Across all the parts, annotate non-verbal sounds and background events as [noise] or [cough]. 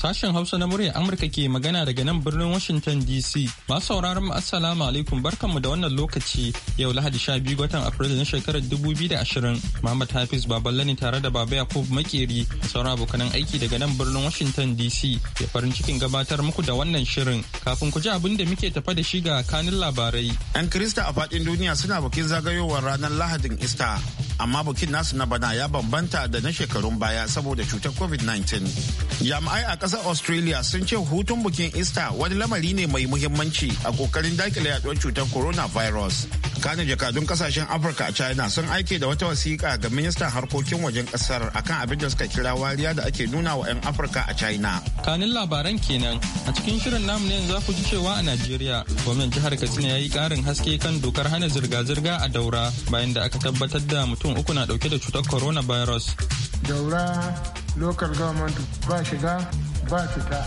Sashen Hausa na muryar Amurka ke magana daga nan birnin Washington DC. Masu sauraron mu Assalamu alaikum barkanmu da wannan lokaci yau Lahadi sha biyu watan Afrilu na shekarar dubu biyu da ashirin Muhammad Hafiz Baballe ne tare da Baba Yakub Makeri da sauran abokanan aiki daga nan birnin Washington DC ke farin cikin gabatar muku da wannan shirin. Kafin ku ji abin da muke tafa da shi ga kanin labarai. 'Yan Kirista a faɗin duniya suna bikin zagayowar ranar Lahadin Ista. amma bikin nasu na bana ya bambanta da na shekarun baya saboda cutar covid-19 jami'ai a masa Australia sun ce hutun bukin Easter wani lamari ne mai muhimmanci a kokarin dakile yaduwar cutar coronavirus. Kanin jakadun kasashen Afirka a China sun aike da wata wasiƙa ga ministan harkokin wajen ƙasar akan abin da suka kira wariya da ake nuna wa 'yan Afirka a China. Kanin labaran kenan a cikin shirin namu ne za ku ji cewa a Najeriya gwamnan jihar Katsina ya yi ƙarin haske kan dokar hana zirga-zirga a daura bayan da aka tabbatar da mutum uku na dauke da cutar coronavirus. Daura local government ba shiga ba fita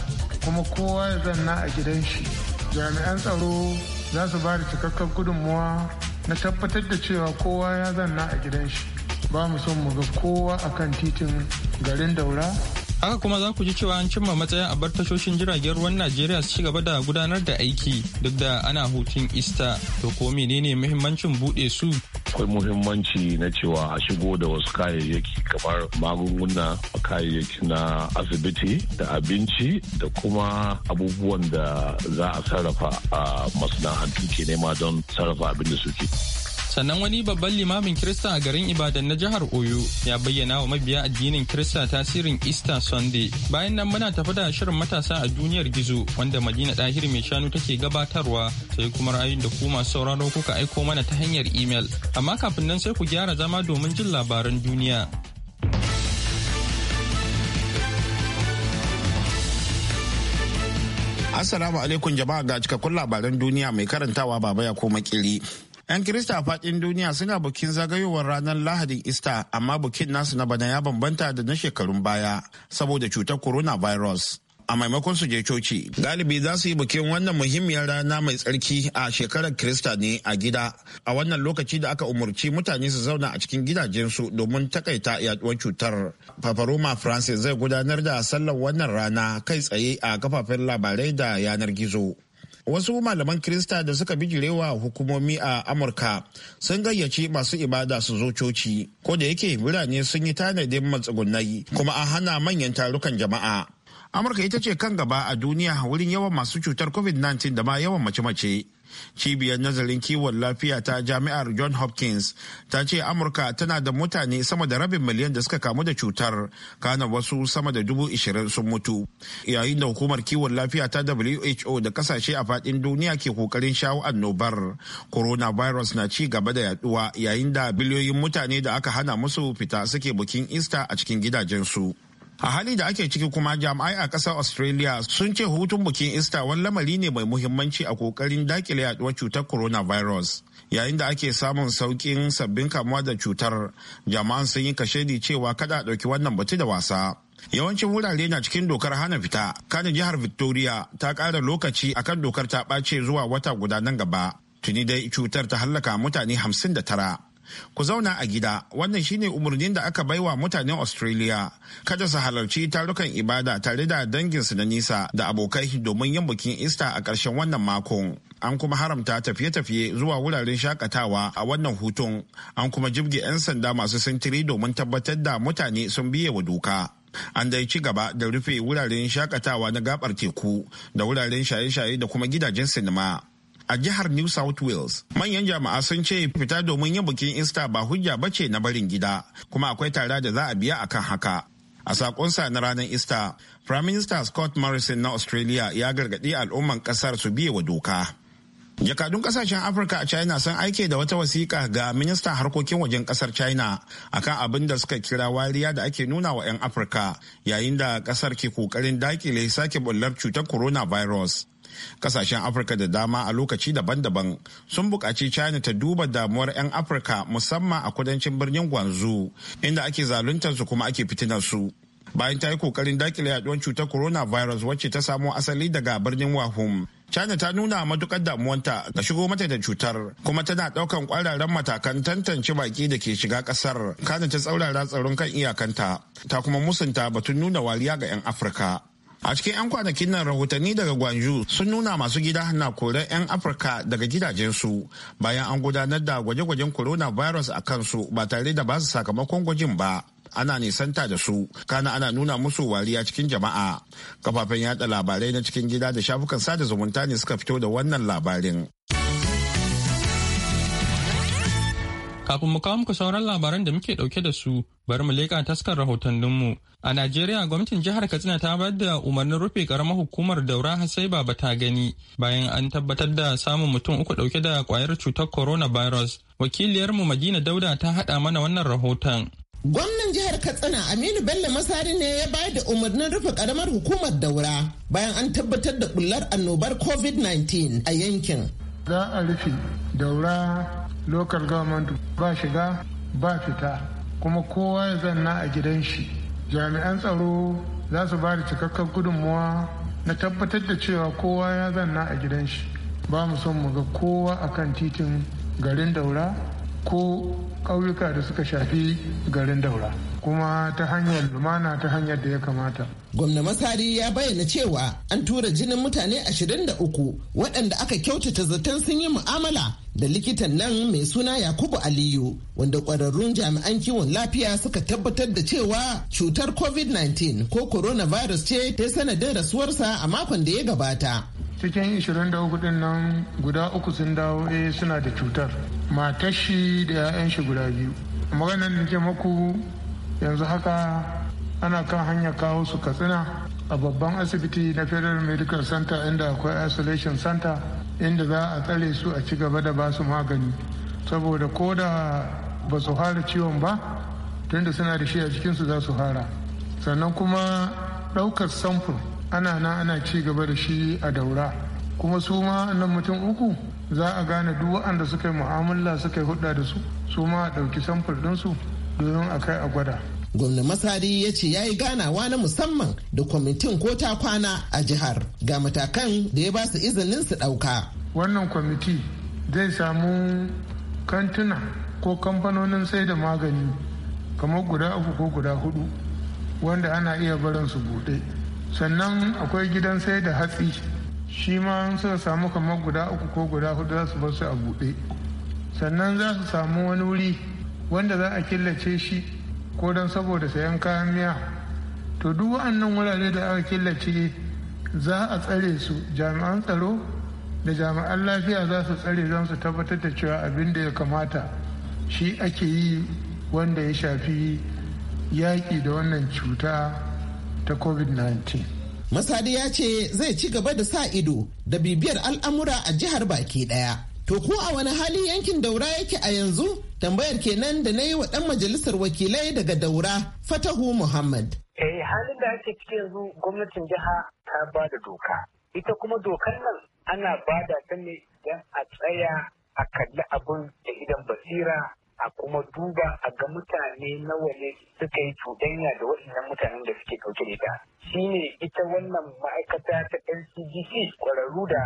kuma kowa ya zanna a gidan shi jami'an tsaro za su ba da cikakkar gudunmuwa na tabbatar da cewa kowa ya zanna a gidan shi ba mu son mu ga kowa akan titin garin daura haka kuma za ku ji cewa an cimma matsayin a bar tashoshin jiragen ruwan najeriya su ci gaba da gudanar da aiki duk da ana hutun ista to ko menene muhimmancin bude su akwai muhimmanci na cewa a shigo da wasu kayayyaki kamar magunguna kayayyaki na asibiti da abinci da kuma abubuwan da za a sarrafa a masana'antu ke nema don sarrafa abin da suke. sannan wani babban limamin kirista a garin ibadan na jihar oyo ya bayyana wa mabiya addinin kirista tasirin easter sunday bayan nan muna tafi da shirin matasa a duniyar gizo wanda madina dahir mai shanu take gabatarwa sai kuma ra'ayin da ku masu sauraro kuka aiko mana ta hanyar imel amma kafin nan sai ku gyara zama domin jin labaran duniya Assalamu alaikum jama'a ga cikakkun labaran duniya mai karantawa baba ya koma kiri. 'Yan Kirista a faɗin duniya suna bukin zagayowar ranar Lahadin Ista, amma bukin nasu na bana ya bambanta da na shekarun baya saboda cutar coronavirus. A maimakon su je coci, galibi za su yi bukin wannan muhimmiyar rana mai tsarki a shekarar Kirista ne a gida, a wannan lokaci da aka umarci mutane su zauna a cikin gidajensu domin takaita yaduwar cutar. Paparoma Francis zai gudanar da sallar wannan rana kai tsaye a kafafen labarai da yanar gizo. wasu malaman Kirista da suka bijirewa hukumomi a Amurka sun gayyaci masu ibada su zo coci, ko da yake birane sun yi tanadin matsugunai kuma a hana manyan tarukan jama'a. Amurka ita ce kan gaba a duniya wurin yawan masu cutar COVID-19 da ma yawan mace-mace. cibiyar nazarin kiwon lafiya ta jami'ar john hopkins ta ce amurka tana da mutane sama da rabin miliyan da suka kamu da cutar kana wasu sama da dubu ishirin sun mutu yayin da hukumar kiwon lafiya ta who da kasashe a faɗin duniya ke kokarin shawo annobar coronavirus na ci gaba da yaduwa yayin da biliyoyin mutane da aka hana musu fita suke bukin ista a cikin gidajensu. a hali da ake ciki kuma jami'ai a ƙasar australia sun ce hutun bikin ista wani lamari ne mai muhimmanci a kokarin dakile yaduwar cutar coronavirus yayin da ake samun saukin sabbin kamuwa da cutar jama'an sun yi kashedi cewa kada a ɗauki wannan batu da wasa yawancin wurare na cikin dokar hana fita kana jihar victoria ta ƙara lokaci akan dokar ta ɓace zuwa wata guda nan gaba tuni dai cutar ta hallaka mutane hamsin da tara. ku zauna a gida wannan shine umarnin da aka baiwa mutanen australia kada su halarci tarukan ibada tare da danginsu na nisa da abokai domin yin bikin easter a ƙarshen wannan makon an kuma haramta tafiye-tafiye zuwa wuraren shakatawa a wannan hutun an kuma jibge 'yan sanda masu sintiri domin tabbatar da mutane sun biye wa doka an dai ci gaba da rufe wuraren shakatawa na gabar teku da wuraren shaye-shaye da kuma gidajen sinima a jihar New South Wales. Manyan jama'a sun ce fita domin yin bikin Easter ba hujja ba ce na barin gida, kuma akwai tara da za a biya a kan haka. A sakonsa na ranar Easter, Prime Minister Scott Morrison na Australia ya gargaɗi al'umman ƙasar su biye wa doka. Jakadun kasashen Afirka a China sun aike da wata wasiƙa ga ministan harkokin wajen ƙasar China akan abin da suka kira wariya da ake nuna wa 'yan Afirka yayin da ƙasar ke kokarin dakile sake bullar cutar coronavirus. kasashen afirka da dama a lokaci daban-daban sun buƙaci china ta duba damuwar 'yan afirka musamman a kudancin birnin gwanzu inda ake zaluntar kuma ake fitinar su bayan ta yi kokarin dakile yaduwar cutar coronavirus wacce ta samo asali daga birnin wahum china ta nuna matukar damuwanta ga shigo mata da cutar kuma tana ɗaukan kwararren matakan tantance baki da ke shiga ƙasar. kana ta tsaurara tsaron kan iyakanta ta kuma musunta batun nuna wariya ga 'yan afirka a cikin 'yan kwanakin nan rahotanni daga gwanju sun nuna masu gida na korar 'yan afirka daga gidajensu bayan an gudanar da gwaje-gwajen coronavirus a kansu ba tare da ba su sakamakon gwajin ba ana nisanta da su kana ana nuna musu wariya cikin jama'a kafafen yaɗa labarai na cikin gida da shafukan sada zumunta ne suka fito da wannan labarin. Kafin mu kawo muku sauran labaran da muke dauke da su bari mu leƙa taskar rahotanninmu. A Najeriya gwamnatin jihar Katsina ta bayar da umarnin rufe karamar hukumar daura hasai ba bata gani bayan an tabbatar da samun mutum uku dauke da kwayar cutar coronavirus. Wakiliyarmu Madina Dauda ta haɗa mana wannan rahoton. Gwamnan jihar Katsina Aminu Bello Masari ne ya bayar da umarnin rufe karamar hukumar daura bayan an tabbatar da bullar annobar COVID-19 a yankin. Za a rufe daura local government ba shiga ba fita kuma kowa ya zanna a gidan shi jami'an tsaro za su ba da cikakken gudunmuwa na tabbatar da cewa kowa ya zanna a gidan shi ba mu son mu ga kowa a kan titin garin daura ko ƙauyuka da suka shafi garin daura kuma ta hanyar lumana ta hanyar da ya kamata. Gwamna Masari ya bayyana cewa an tura jinin mutane 23 waɗanda aka kyautata zaton sun yi mu'amala da likitan nan mai suna Yakubu Aliyu wanda kwararrun jami'an kiwon lafiya suka tabbatar da cewa cutar COVID-19 ko coronavirus ce ta sanadin rasuwarsa a makon da ya gabata. Cikin 24 din nan guda uku sun dawo eh suna da cutar. Matar shi da 'ya'yan shi guda biyu. Maganar da ke maku yanzu haka ana kan hanya kawo su katsina a babban asibiti na Federal Medical Center inda akwai isolation center. inda za a tsare su a ci gaba da ba su magani saboda ko da ba su fara ciwon ba tunda suna da shi a cikinsu za su hara sannan kuma ɗaukar samfur ana na ana ci gaba da shi a daura kuma su ma nan mutum uku za a gane duk wa'anda suka yi mu'amala suka yi hudda da su su ma a ɗauki samfur ɗinsu domin a kai a gwada gwamnan masari ya ce ya yi ganawa na musamman da kwamitin ko ta kwana a jihar ga matakan da ya ba su izinin su ɗauka wannan kwamiti zai samu kantuna ko kamfanonin sai da magani kamar guda uku ko guda hudu wanda ana iya barin su buɗe sannan akwai gidan sai da hatsi shi ma suka samu kamar guda uku ko guda hudu za su bar su a buɗe sannan za su samu wani wuri wanda za a killace shi ko don saboda sayan kayan miya to duk wa'annan wurare da aka killace za a tsare su jami'an tsaro da jami'an lafiya za su tsare don su tabbatar da cewa abin da ya kamata shi ake yi wanda ya shafi yaƙi da wannan cuta ta covid-19 Masadi ya ce zai ci gaba da sa ido da bibiyar al'amura a jihar baki daya. To ko a wani hali yankin daura yake a yanzu Tambayar kenan da na yi wa ɗan majalisar wakilai daga Daura, Fatahu Muhammad. Eh halin da ake ciki yanzu gwamnatin jiha ta ba da doka. Ita kuma dokar nan ana ba da ta ne idan a tsaya a kalli abin da idan basira a kuma duba a ga mutane nawa ne suka yi cuɗanya da waɗannan mutanen da suke ɗauke da ita. Shi ne ita wannan ma'aikata ta NCGC kwararru da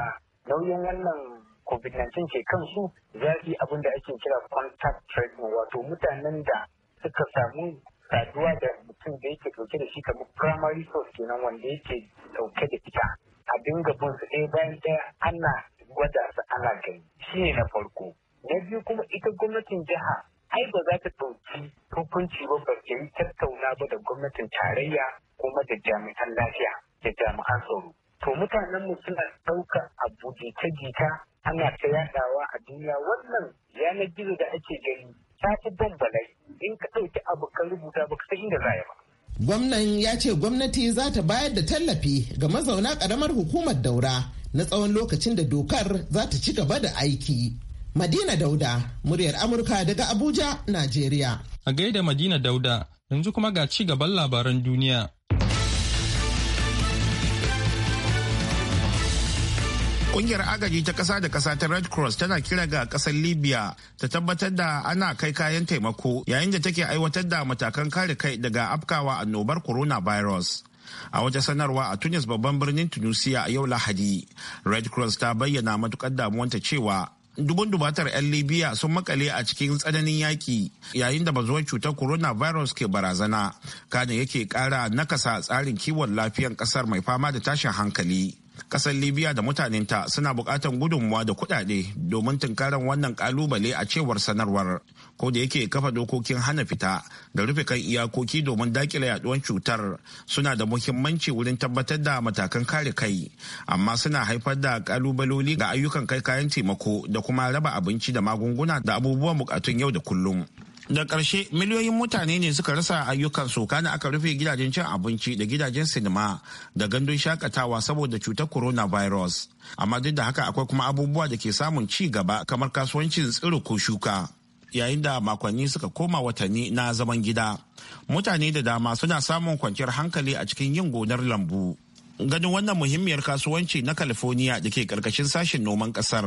nauyin wannan covid-19 ke kansu su yi abin da ake kira contact tracing wato mutanen da suka samu saduwa da mutum da yake dauke da shi kamar primary source kenan wanda yake dauke da ita a dinga bin su ɗaya bayan ɗaya ana gwada su ana gani shi ne na farko na biyu kuma ita gwamnatin jiha ai ba za ta ɗauki hukunci ba ba ta yi tattauna ba da gwamnatin tarayya kuma da jami'an lafiya da jami'an tsaro to mutanen mu suna ɗaukar abu jita-jita ana ta yadawa a duniya wannan yanar gizo da ake gani ta fi bambalai in ka ɗauki abu ka rubuta ka san inda za ba. Gwamnan ya ce gwamnati za ta bayar da tallafi ga mazauna ƙaramar hukumar daura na tsawon lokacin da dokar za ta ci gaba da aiki. Madina Dauda, muryar Amurka daga Abuja, Najeriya. A gaida Madina Dauda, yanzu kuma ga ci gaban labaran duniya. Kungiyar agaji ta kasa da kasa ta Red Cross tana kira ga ƙasar Libya ta tabbatar da ana kai kayan taimako yayin da take aiwatar da matakan kare kai daga afkawa annobar Virus. A wata sanarwa a Tunis babban birnin Tunisia a yau Lahadi, Red Cross ta bayyana matukar damuwanta cewa dubun dubatar 'yan libya sun makale a cikin tsananin yaki. yayin da bazuwar cutar Corona Virus ke barazana Kana yake kara nakasa tsarin kiwon lafiyan ƙasar mai fama da tashin hankali kasar libya da mutanenta suna bukatan gudunmuwa da kudade domin tunkarar wannan kalubale a cewar sanarwar ko da yake kafa dokokin hana fita da rufe kan iyakoki domin dakile yaduwar cutar suna da muhimmanci wurin tabbatar da matakan kare kai amma suna haifar da kalubaloli ga ayyukan kai kayan taimako da kuma raba abinci da magunguna da abubuwan bukatun yau da kullum da ƙarshe miliyoyin mutane ne suka rasa ayyukan ayyukansu kana aka rufe gidajen cin abinci da gidajen sinima da gandun shakatawa saboda cutar coronavirus amma duk da haka akwai kuma abubuwa da ke samun ci gaba kamar kasuwancin tsiro ko shuka yayin da makonni suka koma watanni na zaman gida mutane da dama suna samun kwanciyar hankali a cikin yin gonar lambu ganin wannan muhimmiyar kasuwanci na california da ke karkashin sashen noman kasar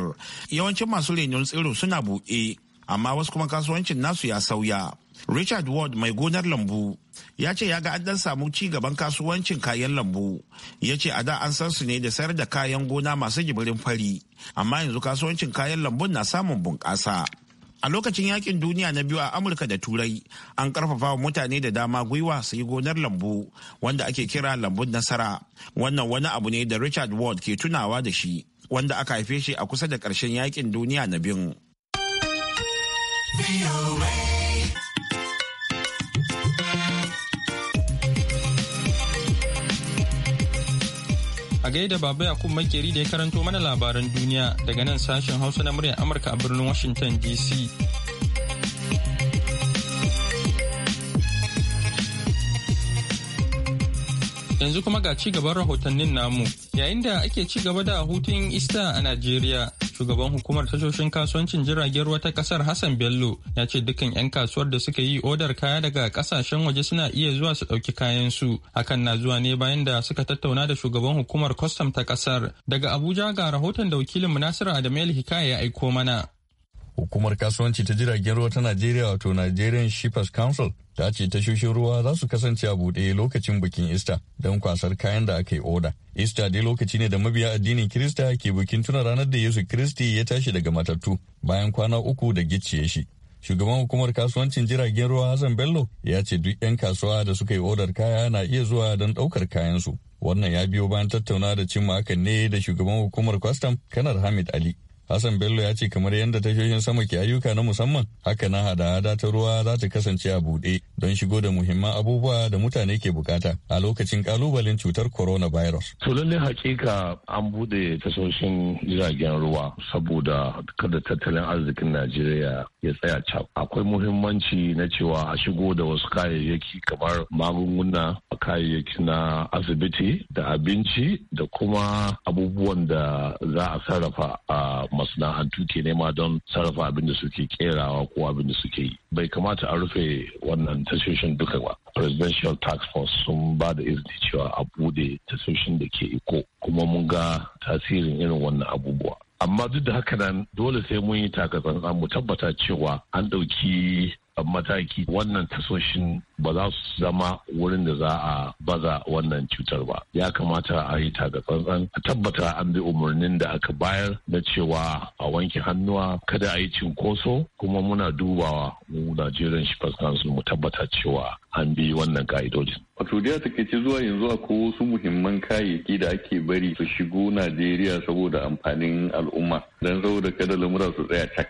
yawancin masu renon tsiro suna buɗe amma wasu kuma kasuwancin nasu ya sauya richard ward mai gonar lambu ya ce ya ga an dan samu ci gaban kasuwancin kayan lambu ya ce a da an san su ne da sayar da kayan gona masu jibirin fari amma yanzu kasuwancin kayan lambun na samun bunƙasa a lokacin yakin duniya na biyu a amurka da turai an karfafa wa mutane da dama gwiwa su yi gonar lambu wanda ake kira lambun nasara wannan wani abu ne da richard ward ke tunawa da shi wanda aka haife shi a kusa da ƙarshen yakin duniya na biyu A gaida Baba Yakub Makeri da ya karanto mana labaran duniya daga nan sashen Hausa na muryar Amurka a birnin Washington DC. Yanzu kuma ga ci gaban rahotannin namu yayin da ake ci gaba da hutun ista a Najeriya. shugaban hukumar tashoshin kasuwancin jiragen ruwa ta kasar hassan bello ya ce dukkan 'yan kasuwar da suka yi odar kaya daga kasashen waje suna iya zuwa su ɗauki kayansu hakan na zuwa ne bayan da suka tattauna da shugaban hukumar kwastam ta kasar daga abuja ga rahoton da wakilin munasir adamu hikaya ya aiko mana Hukumar kasuwanci ta jiragen ruwa ta Najeriya wato Nigerian Shippers Council ta ce tashoshin ruwa za su kasance a buɗe lokacin bikin Easter don kwasar kayan da aka yi oda. Easter dai lokaci ne da mabiya addinin Kirista ke bikin tuna ranar da Yesu Kiristi ya tashi daga matattu bayan kwana uku da gicciye shi. Shugaban hukumar kasuwancin jiragen ruwa Hassan Bello ya ce duk 'yan kasuwa da suka yi odar kaya na iya zuwa don ɗaukar kayansu. Wannan ya biyo bayan tattauna da cimma hakan ne da shugaban hukumar kwastam Kanar Hamid Ali Hassan Bello ya ce kamar yadda tashoshin sama ke ayyuka na musamman, haka na hada-hada ta ruwa za ta kasance a buɗe don shigo da muhimman abubuwa da mutane ke bukata a lokacin kalubalen cutar coronavirus. To lalle hakika an bude tashoshin jiragen ruwa saboda kada tattalin arzikin Najeriya ya tsaya cap. Akwai muhimmanci na cewa a shigo da wasu kayayyaki kamar magunguna, kayayyaki na asibiti da abinci da kuma abubuwan da za a sarrafa a masana'antu ke nema don sarrafa abin da suke kerawa ko abin da suke yi bai kamata a rufe wannan tasoshin duka ba presidential tax force sun ba da izini cewa a bude tasoshin da ke iko kuma mun ga tasirin irin wannan abubuwa amma duk da haka nan dole sai mun yi takatsantsan mu tabbata cewa an ɗauki mataki wannan tasoshin ba za su zama wurin da za a baza wannan cutar ba ya kamata a yi ga tsantsan a tabbata an bi umarnin da aka bayar na cewa a wanke hannuwa kada a yi cinkoso kuma muna dubawa mu najeriyan shi kansu mu tabbata cewa an bi wannan ka'idojin wato ta ke ce zuwa yanzu ko wasu muhimman kayayyaki da ake bari su shigo najeriya saboda amfanin al'umma don saboda kada lamura su tsaya tak.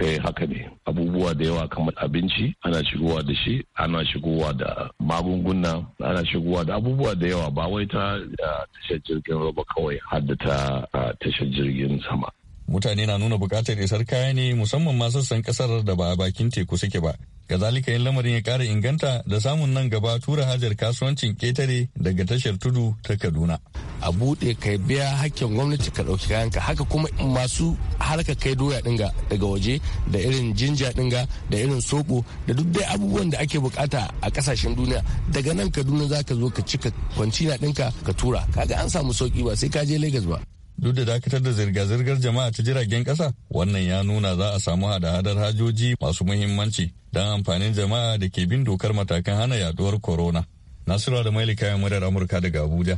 eh haka ne abubuwa da yawa kamar abinci ana shigowa da shi ana shigowa da magunguna ana shigowa da abubuwa da yawa ba wai ta ah, tashar jirgin roba kawai har da ta ah, tashar jirgin sama mutane na nuna bukatar isar kaya ne musamman ma sassan kasar da ba bakin teku suke ba Kazalika yin lamarin ya kara inganta da samun nan gaba tura hajar kasuwancin ketare daga tashar tudu ta Kaduna. A bude kai biya hakkin gwamnati ka ɗauki kayanka haka kuma masu harka kai doya dinga daga waje da irin jinja dinga da irin soɓo da duk dai abubuwan da ake bukata a kasashen duniya daga nan Kaduna za ka zo ka cika kwancina dinka ka tura kaga an samu sauki ba sai ka je Legas ba. duk da dakatar da zirga-zirgar jama'a ta jiragen kasa wannan ya nuna za a samu hada-hadar hajoji masu muhimmanci don amfanin jama'a da ke bin dokar matakan hana yaduwar corona nasiru da maili kayan murar amurka daga abuja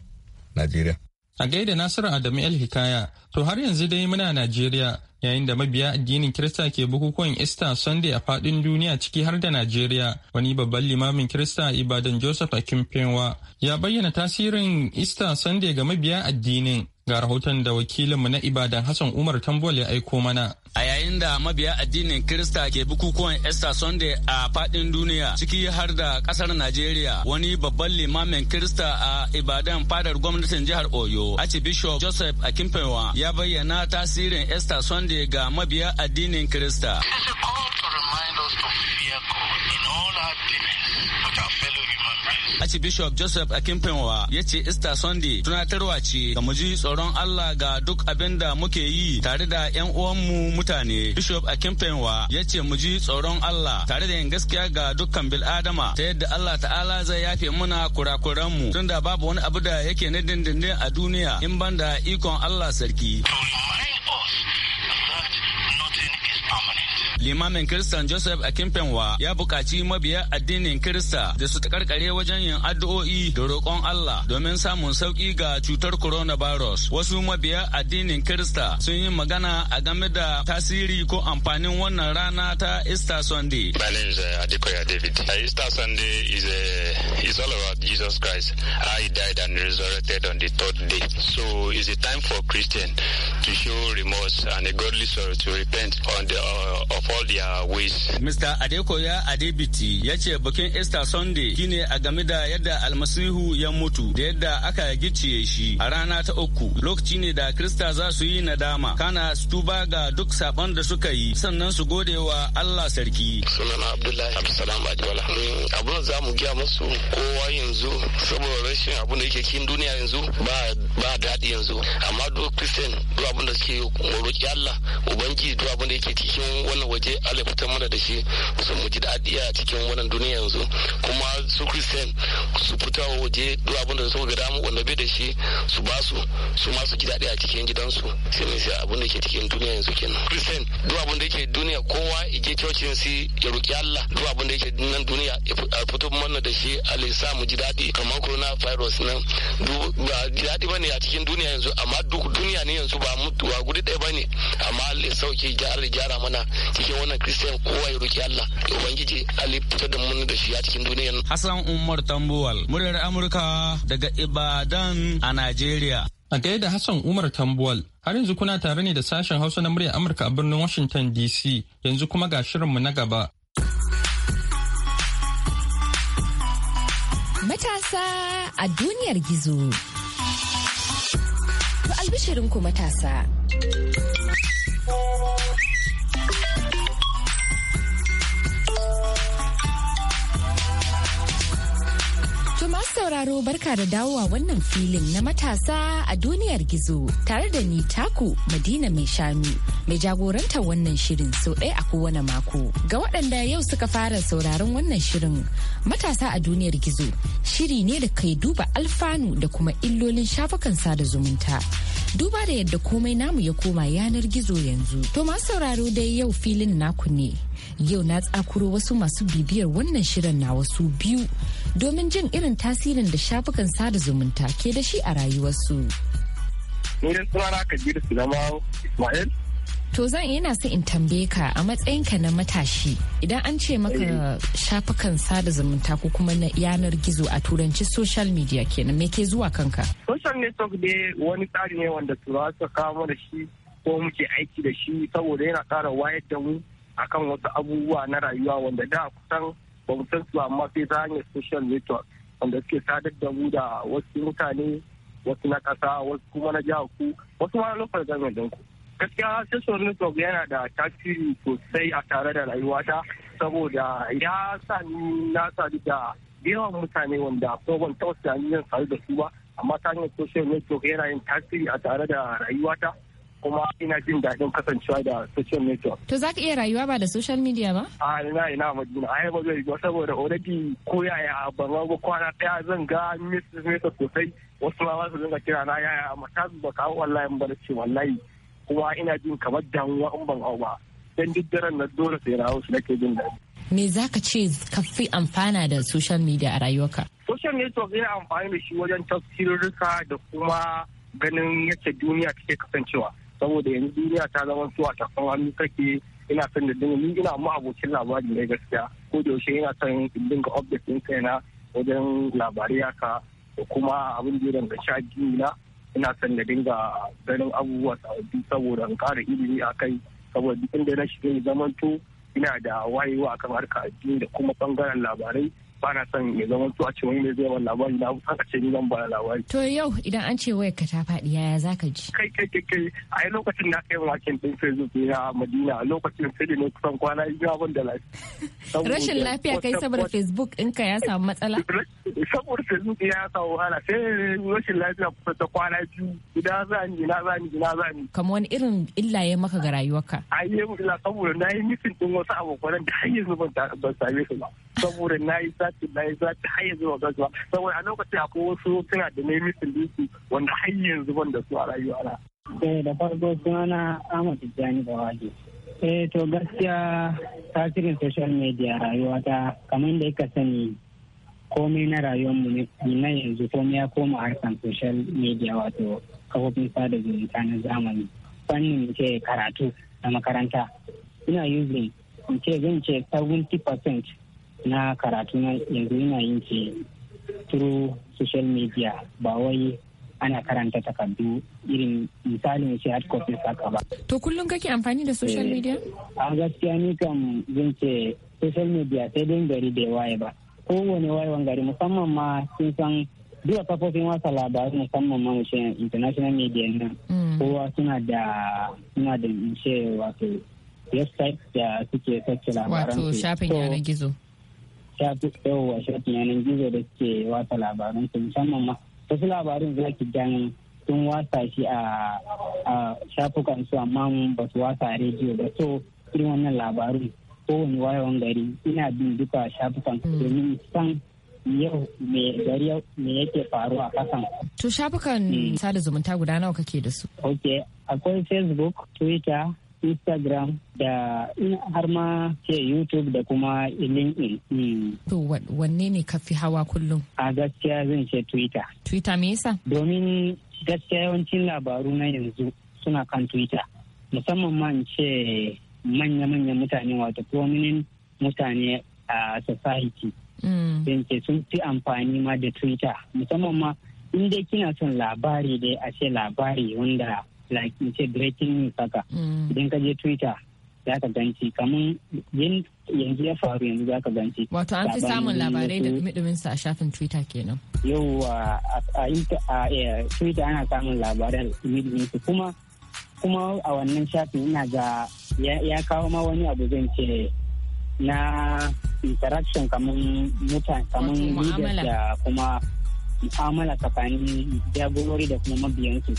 najeriya a gaida nasiru adamu el hikaya to har yanzu dai muna najeriya yayin da mabiya addinin Kirista ke bukukuwan Easter Sunday a fadin duniya ciki har da Najeriya wani babban limamin Kirista Ibadan Joseph Akinfenwa ya bayyana tasirin Easter Sunday ga mabiya addinin Ga rahoton da wakilinmu na Ibadan Hassan Umar Tambol ya aiko mana. A yayin da mabiya addinin Kirista ke bukukuwan Easter Sunday a fadin duniya ciki har da kasar Najeriya wani babban limamin Kirista a Ibadan fadar gwamnatin jihar Oyo Archbishop Joseph Akimpewa, ya bayyana tasirin Easter Sunday ga mabiya addinin Kirista. Archbishop Joseph Akinfenwa ya ce Easter Sunday tunatarwa ce ga mu ji tsoron Allah ga duk abin da muke yi tare da 'yan uwanmu mutane. Bishop Akinfenwa ya ce mu ji tsoron Allah tare da yin gaskiya ga dukkan bil'adama ta yadda Allah ta'ala zai yafe muna kurakuranmu tunda babu wani abu da yake na dindindin a duniya in banda ikon Allah sarki. limamin kiristan joseph akimpenwa ya buƙaci mabiya addinin kirista da su karkare wajen yin addu'o'i da roƙon allah domin samun sauƙi ga cutar coronavirus wasu mabiya addinin kirista sun yi magana a game da tasiri ko amfanin wannan rana ta easter sunday my name is uh, adekoya david uh, easter sunday is, uh, all about jesus christ how he died and resurrected on the third day so is a time for christian to show remorse and a godly sorrow to repent on the, uh, of all their ways. Mr. Adekoya Adebiti ya ce bikin Easter Sunday shine a game da yadda almasihu ya mutu da yadda aka gicciye shi a rana ta uku lokaci ne da Krista za su yi nadama kana su ga duk sabon da suka yi sannan su gode wa Allah sarki. Sunana Abdullahi Abdulsalam Ajiwala. Abin za mu gaya musu kowa yanzu saboda rashin abin da yake kin duniya yanzu ba ba daɗi yanzu amma duk Christian duk abin da suke roƙi Allah Ubangiji duk abin da yake cikin wannan waje waje Allah fitar mana da shi su mu ji daɗi a cikin wannan duniya yanzu kuma su Christian su fita waje duk abin da suka ga damu wanda bai da shi su ba su su ma su ji daɗi a cikin gidansu sai mun sai abin da yake cikin duniya yanzu kenan Christian duk abin da yake duniya kowa ya je cocin si ya roki Allah duk abin da yake nan duniya ya fito mana da shi Allah ya sa mu ji daɗi kamar corona virus nan ba ji daɗi bane a cikin duniya yanzu amma duk duniya ne yanzu ba mutuwa guri ɗaya bane amma Allah ya sauke gyara mana cikin wannan kristiyan kowa ya roki Allah da ubangiji alifta fitar da mun da shi a cikin duniyan Hassan Umar Tambuwal muryar Amurka daga Ibadan a Najeriya a gaida Hassan Umar Tambuwal har yanzu kuna tare ne da sashen Hausa na muryar Amurka a birnin Washington DC yanzu kuma ga shirinmu na gaba Matasa a duniyar gizo. To albishirinku matasa. sauraro barka da dawowa wannan filin na matasa a duniyar gizo tare da ni taku Madina mai shanu mai jagorantar wannan shirin sau ɗaya a kowane mako. Ga waɗanda yau suka fara sauraron wannan shirin matasa a duniyar gizo shiri ne da kai duba alfanu da kuma illolin shafukan sada zumunta. duba da yadda komai namu ya koma yanar gizo yanzu. To masu sauraro dai yau filin naku ne. Yau na tsakuro wasu masu bibiyar wannan shirin na wasu biyu domin jin irin tasirin da shafukan sada zumunta ke da shi a rayuwarsu. To zan yana so in tambaye ka a matsayin ka na matashi idan an ce maka eh. shafukan sada zumunta ko kuma na yanar gizo a turanci social media kenan me ke zuwa kanka? ne network ne wani tsari ne wanda su suka kawo da shi ko muke aiki da shi saboda yana ƙara wayar da mu akan wasu abubuwa na rayuwa wanda da kusan ba mu san su amma sai ta hanyar social network wanda suke sadar da mu da wasu mutane wasu na ƙasa wasu kuma na jihar ku wasu ma lokacin government ɗinku gaskiya social network yana da tasiri sosai a tare da rayuwata saboda ya sa ni na sadu da yawan mutane wanda ko ban taɓa tunanin zan da su ba amma ta hanyar social network yana yin tasiri a tare da rayuwata kuma ina jin daɗin kasancewa da social network. To za ka iya rayuwa ba da social media ba? A ina ina madina a ba zai yiwu saboda already ko yaya ban ba kwana ɗaya zan ga message message sosai wasu ma su dinga kira na yaya amma ta ba kawo wallahi ba ce wallahi kuma ina jin kamar damuwa in ban hau ba dan duk daren na dole sai na hausu nake jin daɗi. Me za ka ce ka fi amfana da social media a rayuwarka? social network yana amfani da shi wajen tafsirarsa da kuma ganin yadda duniya take kasancewa saboda yanzu duniya ta zama suwa ta hannu kake ina son da dinga ina mu abokin labari ne gaskiya ko da yaushe ina son in dinga update din kaina wajen labarai haka da kuma abin da ya sha addini na ina son da dinga ganin abubuwa sababbi saboda in ƙara ilimi a kai saboda duk inda na shiga zamanto ina da wayewa akan harka addini da kuma bangaren labarai ba na son ya zama to a ce wani mai zai wani labari na san a ce ni zan ba labari. To yau idan an ce wayar ka ta faɗi yaya za ka ji? Kai kai kai kai a yi lokacin na kai makin ɗin Facebook na Madina a lokacin sai da ne kusan kwana biyu abin da lafi. [laughs] Rashin lafiya kai saboda Facebook ɗinka ya samu matsala? [laughs] Saboda Facebook ya samu wahala sai rashin lafiya kusa ta kwana biyu ina za ni ina za ni ina za ni. Kamar wani irin illa ya maka ga rayuwarka? A yi illa saboda na yi nufin ɗin wasu abokanan da har yanzu ban same su ba. Saboda na yi sa layi za ta har yanzu ba saboda a lokacin akwai wasu suna da ne misin dinsu wanda har yanzu da su a rayuwa na. Eh da farko sunana Ahmad Tijjani waje. Eh to gaskiya tasirin social media rayuwa ta kamar da ka sani komai na rayuwar mu na yanzu komai ya koma harkar social media wato kafofin sada zumunta na zamani fannin ke karatu na makaranta ina using in ce zan ce 70% na karatu na yanzu yana yin ke through social media ba wai ana karanta takardu irin misalin shi hard copy saka ba. To kullum kake amfani da social eh, media? A gaskiya ni kam zan ce social media sai dai gari da waye ba. Kowane waye gari musamman ma sun san duka kafofin wasa labarai musamman ma mu international media nan. Mm. Kowa suna da suna da wato website da suke sace labaran. Wato shafin yanar gizo. shafin yanar gizo da suke wasa labaran su musamman ma wasu labarin za ki gan sun wasa shi a shafukan su amma ba su wasa a rediyo ba so irin wannan labarun kowane wayawan gari ina bin duka shafukan domin san yau mai gari me yake faru a kasan. To shafukan hmm. sada zumunta guda nawa kake da su? Ok, akwai Facebook, Twitter, instagram da har ma ke youtube da kuma linkedin hmm. to wanne ne ka fi hawa kullum a gaskiya zan ce twitter twitter me yasa domin gaskiya yawancin labaru na yanzu suna kan twitter musamman ma ce manya-manyan mutane wato prominent mutane a society hmm. zan ce sun fi amfani ma da twitter musamman ma in kina son labari dai a ce labari wanda like in ce breaking news haka mm. idan ka je twitter za ka ganci kamar yin yanzu ya faru yanzu za ka ganci wato an fi samun labarai da dumi sa a shafin twitter kenan yau a twitter ana samun labarai da dumi kuma kuma a wannan shafin ina ga ya kawo ma wani abu zan ce na interaction kamar mutane kamar leaders da kuma mu'amala tsakanin jagorori da kuma mabiyansu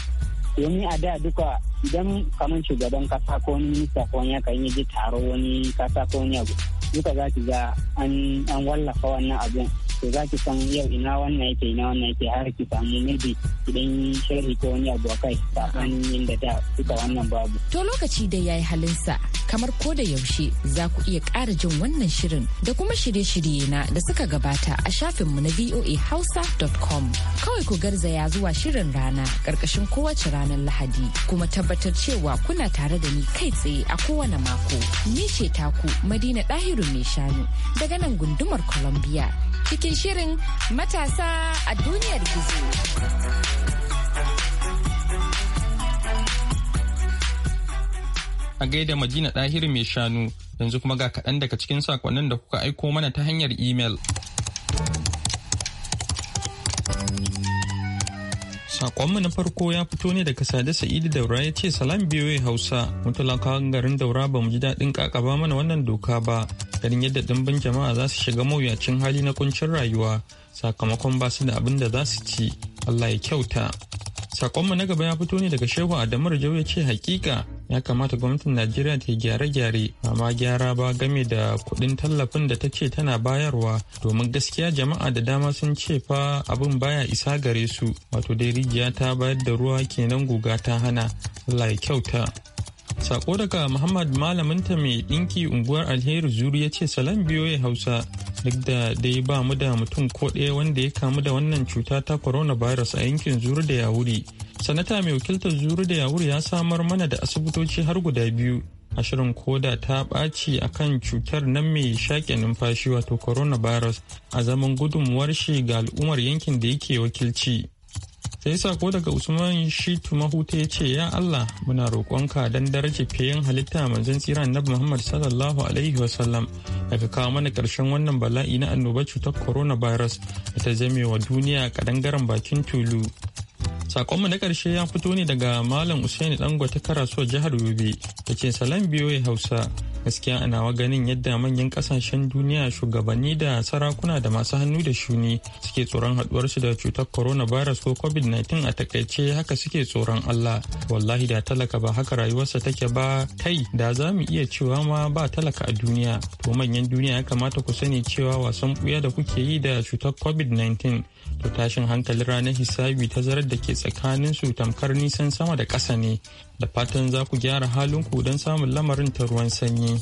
domin a da duka idan kamar shugaban kasa ko wani minista ko wani yakan yi taro wani kasa ko wani abu duka za ki ga an wallafa wannan abin to za ki san yau ina wannan yake ina wannan yake har ki samu maybe idan sharhi ko wani abu akai tsakanin da ta wannan babu. To lokaci da yayi halinsa kamar ko da yaushe za ku iya ƙara jin wannan shirin da kuma shirye-shirye na da suka gabata a shafinmu na voahausa.com. Kawai ku garzaya zuwa shirin rana ƙarƙashin kowace ranar Lahadi kuma tabbatar cewa kuna tare da ni kai tsaye a kowane mako. Ni ce taku Madina Dahiru mai shanu daga nan gundumar Columbia cikin shirin matasa a duniyar gizo. A gaida majina Ɗahir mai shanu yanzu kuma ga kaɗan daga cikin sakonnin da kuka aiko mana ta hanyar imel. Sakonmu na farko ya fito ne daga Sade Sa'idu Daura ya ce salam biyoyi Hausa mutalakawan garin Daura ba mu ji daɗin kakaba mana wannan doka ba garin yadda ɗimbin jama'a za su shiga mawuyacin hali na kuncin rayuwa sakamakon ba su da abin da za su ci Allah ya kyauta. saƙonmu na gaba ya fito ne daga Shehu Adamu Rajau ya ce hakika ya kamata gwamnatin najeriya ta gyare-gyare amma gyara ba game da kuɗin tallafin da ta ce tana bayarwa domin gaskiya jama'a da dama sun ce fa abin baya isa gare su wato dai rijiya ta bayar da ruwa kenan guga ta hana allah ya kyauta sako daga muhammad malamin ta mai ɗinki unguwar alheri zuri ya ce salam biyoyi hausa duk da dai ba mu da mutum ko ɗaya wanda ya kamu da wannan cuta ta coronavirus a yankin zuri da ya wuri sanata mai wakiltar zuru da yawur ya samar mana da asibitoci har guda biyu a shirin koda ta ɓaci a kan cutar nan mai shaƙe numfashi wato coronavirus a zaman gudunmuwar shi ga al'ummar yankin da yake wakilci sai sako daga usman shitu mahuta ya ce ya allah muna roƙonka don daraja fiyen halitta manzon tsira annabi muhammad sallallahu alaihi wasallam daga kawo mana ƙarshen wannan bala'i na annobar cutar coronavirus da ta zame wa duniya kadangaren bakin tulu Sakonmu na ƙarshe ya fito ne daga Malam Usaini Dangote Karasuwa jihar Yobe da ce salam biyoyi Hausa. Gaskiya ana wa ganin yadda manyan kasashen duniya shugabanni da sarakuna da masu hannu da shuni suke tsoron haduwarsu da cutar corona coronavirus ko COVID-19 a takaice haka suke tsoron Allah. Wallahi da talaka ba haka rayuwarsa take ba kai da za mu iya cewa ma ba talaka a duniya. To manyan duniya ya kamata ku sani cewa wasan buya da kuke yi da cutar COVID-19 to tashin hankalin ranar hisabi tazarar da ke tsakanin su tamkar nisan sama da ƙasa ne da fatan za ku gyara ku don samun lamarin ta ruwan sanyi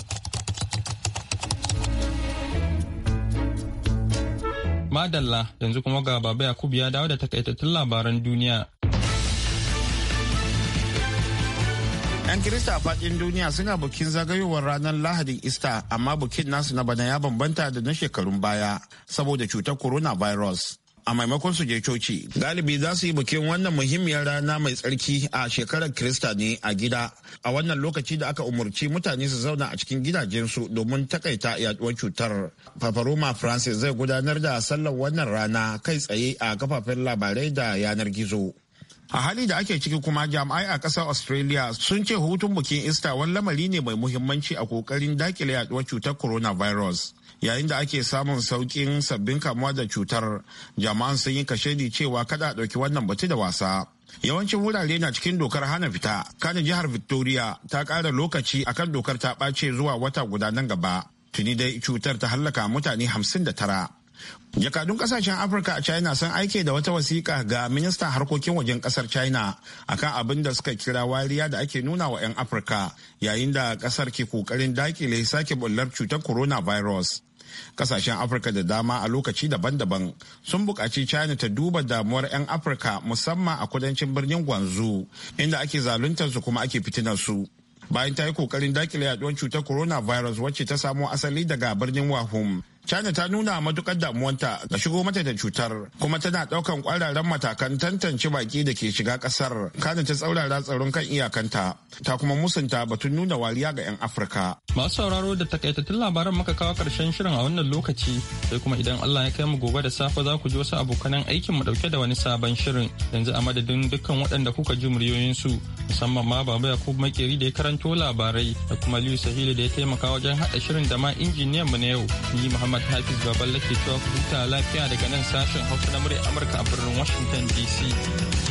madalla yanzu kuma ga baba yakubu ya dawo da takaitattun labaran duniya 'yan kirista a fadin duniya suna bukin zagayowar ranar lahadin ista amma bukin nasu na bana ya bambanta da na shekarun baya saboda cutar coronavirus a maimakon su je coci galibi za su yi bikin wannan muhimmiyar rana mai tsarki a shekarar krista ne a gida a wannan lokaci da aka umarci mutane su zauna a cikin gidajensu domin takaita yaduwar cutar paparoma francis zai gudanar da sallar wannan rana kai tsaye a kafafen labarai da yanar gizo a hali da ake ciki kuma jami'ai a ƙasar australia sun ce hutun bikin ista wani lamari ne mai muhimmanci a kokarin dakile yaduwar cutar coronavirus yayin da ake samun saukin sabbin kamuwa da cutar jama'an sun yi kashedi cewa kada a ɗauki wannan batu da wasa yawancin wurare na cikin dokar hana fita kanin jihar victoria ta kara lokaci akan dokar ta ɓace zuwa wata guda nan gaba tuni dai cutar ta hallaka mutane hamsin da tara. jakadun kasashen afirka a china sun aike da wata wasiƙa ga ministan harkokin wajen ƙasar china akan abin da suka kira wariya da ake nuna wa 'yan afirka yayin da ƙasar ke kokarin dakile sake bullar cutar coronavirus kasashen afirka da dama a lokaci daban-daban sun bukaci china ta duba damuwar 'yan afirka musamman a kudancin birnin gwanzu inda ake zaluntarsu kuma ake fitinar su bayan ta yi kokarin dakile yaduwar cutar coronavirus wacce ta samo asali daga birnin wahum China ta nuna matukar damuwanta ga shigo mata da cutar kuma tana daukan kwararren matakan tantance baki da ke shiga kasar kada ta tsaurara tsaron kan iyakanta ta kuma musanta batun nuna wariya ga 'yan Afirka. Masu sauraro da takaitattun labaran muka kawo karshen shirin a wannan lokaci sai kuma idan Allah ya kai mu gobe da safe za ku ji wasu abokanan aikin mu dauke da wani sabon shirin yanzu a madadin dukkan waɗanda kuka ji muryoyin su musamman ma Baba Yakubu Makeri da ya karanto labarai da kuma Liu Sahili da ya taimaka wajen haɗa shirin da ma injiniyan mu na yau ni Muhammad Muhammad Hafiz Baballe ke cewa huta lafiya daga nan sashen Hausa na murya Amurka a birnin Washington DC.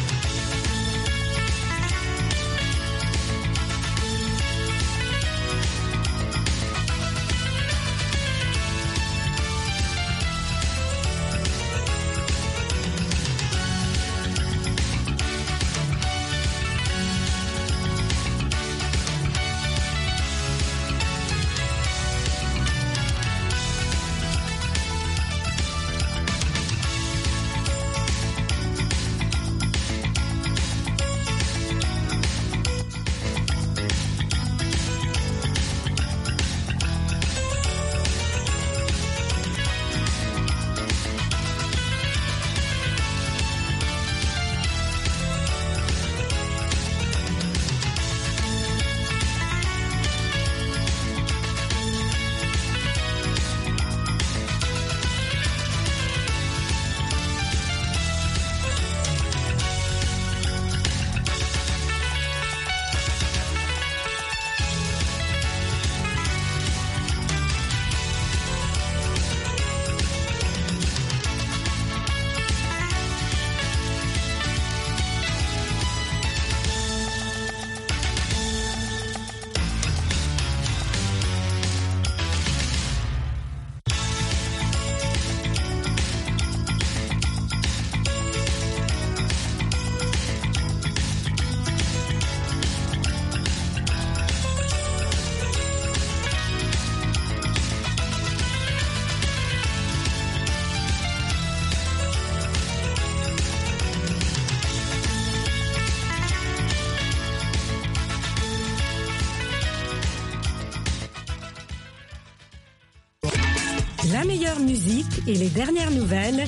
et les dernières nouvelles,